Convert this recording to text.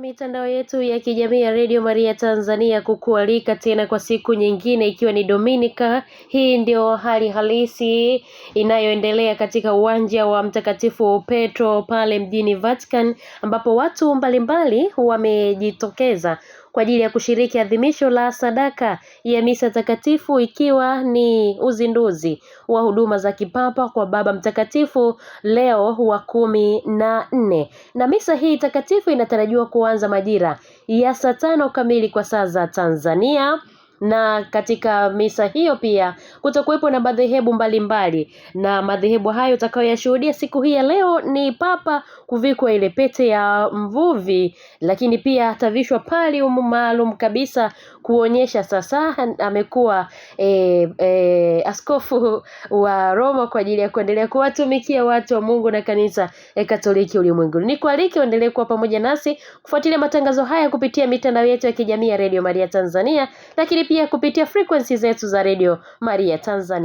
Mitandao yetu ya kijamii ya Radio Maria Tanzania kukualika tena kwa siku nyingine, ikiwa ni Dominika. Hii ndio hali halisi inayoendelea katika uwanja wa Mtakatifu Petro pale mjini Vatican, ambapo watu mbalimbali wamejitokeza kwa ajili ya kushiriki adhimisho la sadaka ya misa takatifu ikiwa ni uzinduzi wa huduma za kipapa kwa Baba Mtakatifu Leo wa kumi na nne, na misa hii takatifu inatarajiwa kuwa kuanza majira ya saa tano kamili kwa saa za Tanzania na katika misa hiyo pia kutakuwepo na madhehebu mbalimbali, na madhehebu hayo utakayoyashuhudia siku hii ya leo ni Papa kuvikwa ile pete ya mvuvi, lakini pia atavishwa pale umu maalum kabisa kuonyesha sasa amekuwa e, e, askofu wa Roma kwa ajili ya kuendelea kuwatumikia watu wa Mungu na kanisa e, Katoliki ulimwenguni. Ni kualike uendelee kuwa pamoja nasi kufuatilia matangazo haya kupitia mitandao yetu ya kijamii ya Radio Maria Tanzania, lakini pia kupitia frekwensi zetu za redio Maria Tanzania.